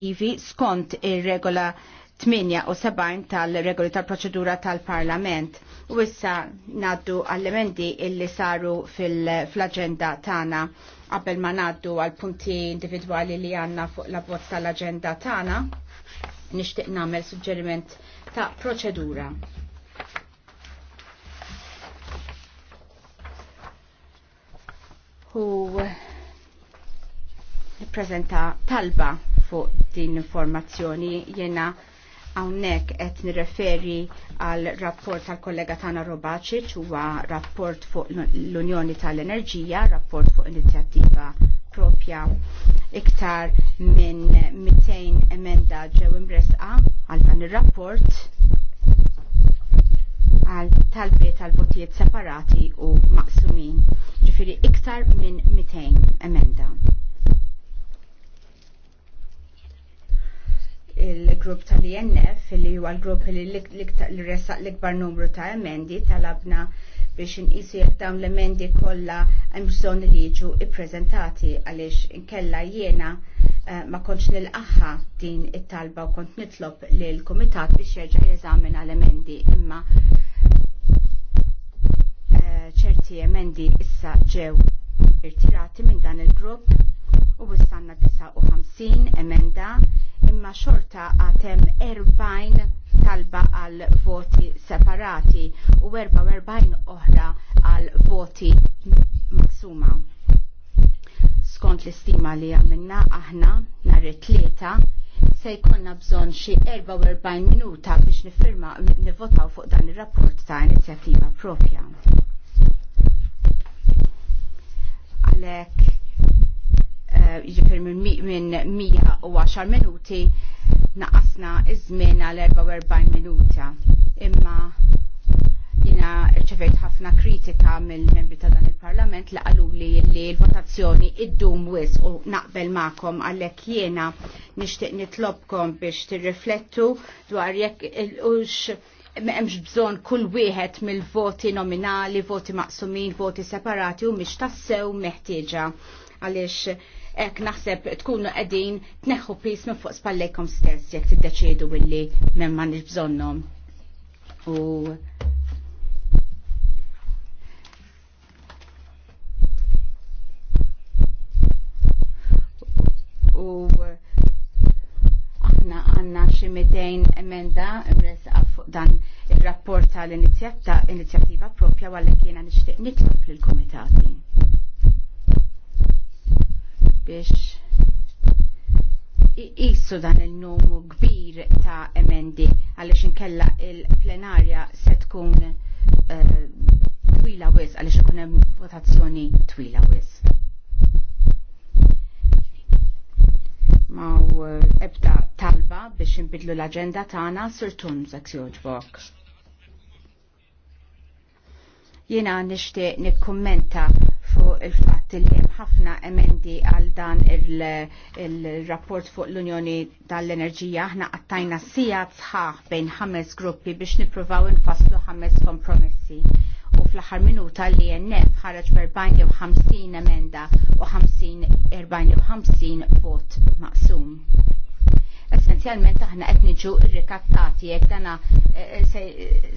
ivi skont ir-regola 78 tal-regoli tal-proċedura tal-Parlament. U issa naddu għall-emendi illi saru fil-agenda tana qabel ma naddu għal punti individuali li għanna fuq la bozz tal-agenda tana. Nishtiq namel suġġeriment ta' proċedura. U prezenta talba fuq din informazzjoni jena għawnek qed nirreferi għal rapport tal kollega tana Robacic huwa rapport fuq l-Unjoni tal-Enerġija, rapport fuq inizjattiva propja iktar minn 200 emenda ġew imresqa għal dan ir-rapport għal talbiet tal votijiet separati u maqsumin, ġifiri iktar minn 200 emenda. il-grupp tal-INF li huwa l-grupp li l-resaq l-ikbar numru ta' emendi tal-abna biex nqisu jekk dawn l-emendi kollha hemm bżonn li jiġu ippreżentati għaliex inkella jiena eh, ma kontx nilqaħħa din it-talba u kont nitlob l kumitat biex jerġa' jeżamina l-emendi imma eh, ċerti emendi issa ġew irtirati minn dan il-grupp u wissanna 59 emenda ma xorta għatem 40 talba għal voti separati u 44 oħra għal voti maksuma. Skont l-istima li għamilna aħna nhar it-tlieta se jkollna bżonn xi 44 minuta biex nifirma nivotaw fuq dan ir-rapport ta' inizjattiva propja. Għalhekk ġifir minn 110 minuti naqasna iż-żmien għal 44 minuta. Imma jina rċevejt ħafna kritika mill-membri ta' dan il-Parlament li qalu li l-votazzjoni id-dum wis u naqbel ma'kom għalhekk jiena nixtieq nitlobkom biex tirriflettu dwar jekk il-ux m'hemmx bżonn kull wieħed mill-voti nominali, voti maqsumin, voti separati u mhix tassew meħtieġa għaliex ek naħseb tkunu qegħdin tneħħu pis minn fuq spallejkom stess jekk tiddeċiedu illi minn nix bżonnhom. U u aħna għanna x'imidejn emenda imresqa fuq dan ir-rapport tal-inizjattiva propja għalhekk kiena nixtieq nitlob lill-kumitati biex jissu dan il-numru kbir ta' emendi għalix inkella il-plenarja se tkun eh, twila wis għalix ikun hemm votazzjoni twila wis. Ma eh, ebda talba biex inbidlu l-agenda tagħna surtun seksjon ġbok. Jiena nixtieq nikkummenta fuq il-fatt li hemm ħafna emendi għal dan il-rapport fuq l-Unjoni tal-Enerġija aħna qattajna sija sħaħ bejn ħames gruppi biex nippruvaw infasslu ħames kompromessi. U fl-aħħar minuta li NF ħareġ b'40 jew emenda u 50 40 jew 50 vot maqsum essenzjalment aħna qed niġu rrikattati jekk dana eh, eh,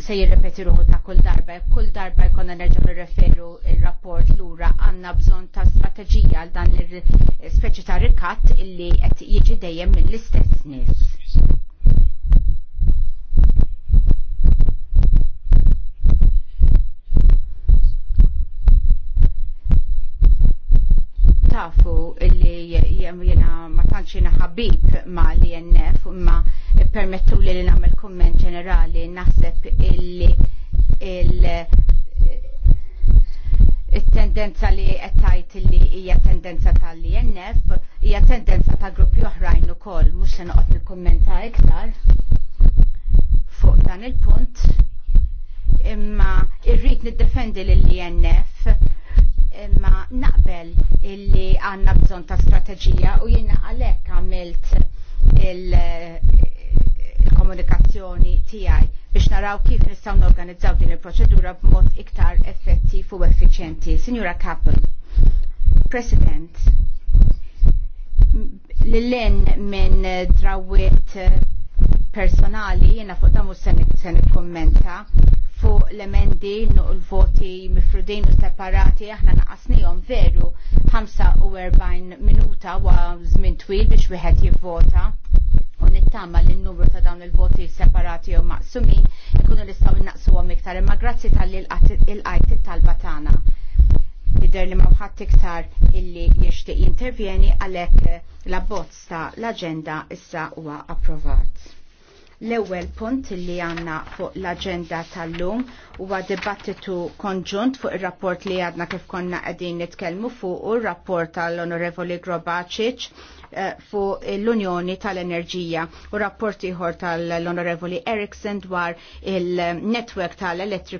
se jirrepeti ruħu ta' kull darba, kull darba jkollna nerġa' nirreferu ir-rapport lura għandna bżonn ta' strateġija għal dan l-speċi eh, ta' rikatt illi qed jiġi dejjem mill-istess nies. ħanċina ħabib ma l-INF ma permettu li li namel komment ġenerali naħseb illi il tendenza li għettajt li hija tendenza tal-INF hija tendenza ta' gruppi oħrajn ukoll mhux se noqgħod nikkummenta iktar fuq dan il-punt imma irrid niddefendi lill-INF imma naqbel illi għanna bżon ta' strategija u jina għalek għamilt il-komunikazzjoni il tijaj biex naraw kif nistaw norganizzaw din il-proċedura b'mod iktar effettiv u effiċjenti. Signora Kappel, President, l-len minn drawiet personali jena fuq damu sen kommenta fuq l-emendi l-voti mifrudin u separati aħna naqasnihom veru 45 minuta wa żmien twil biex wieħed jivvota u nittama li n-numru ta' dawn il-voti separati u maqsumin ikunu nistgħu innaqsuhom iktar imma grazzi tal il l-qajt it-talba tagħna. Jidher li ma ħadd iktar illi jixtieq jintervjeni għalhekk l-abbozz ta' l-aġenda issa huwa approvat. L-ewwel punt li għandna fuq l-aġenda tal-lum huwa dibattitu konġunt fuq ir-rapport li għadna kif konna qegħdin nitkellmu fuq u r-rapport tal-Onorevoli Grobacic eh, fuq l-Unjoni tal-Enerġija u rapport ieħor tal-Onorevoli Erickson dwar il-netwerk tal-Elettriku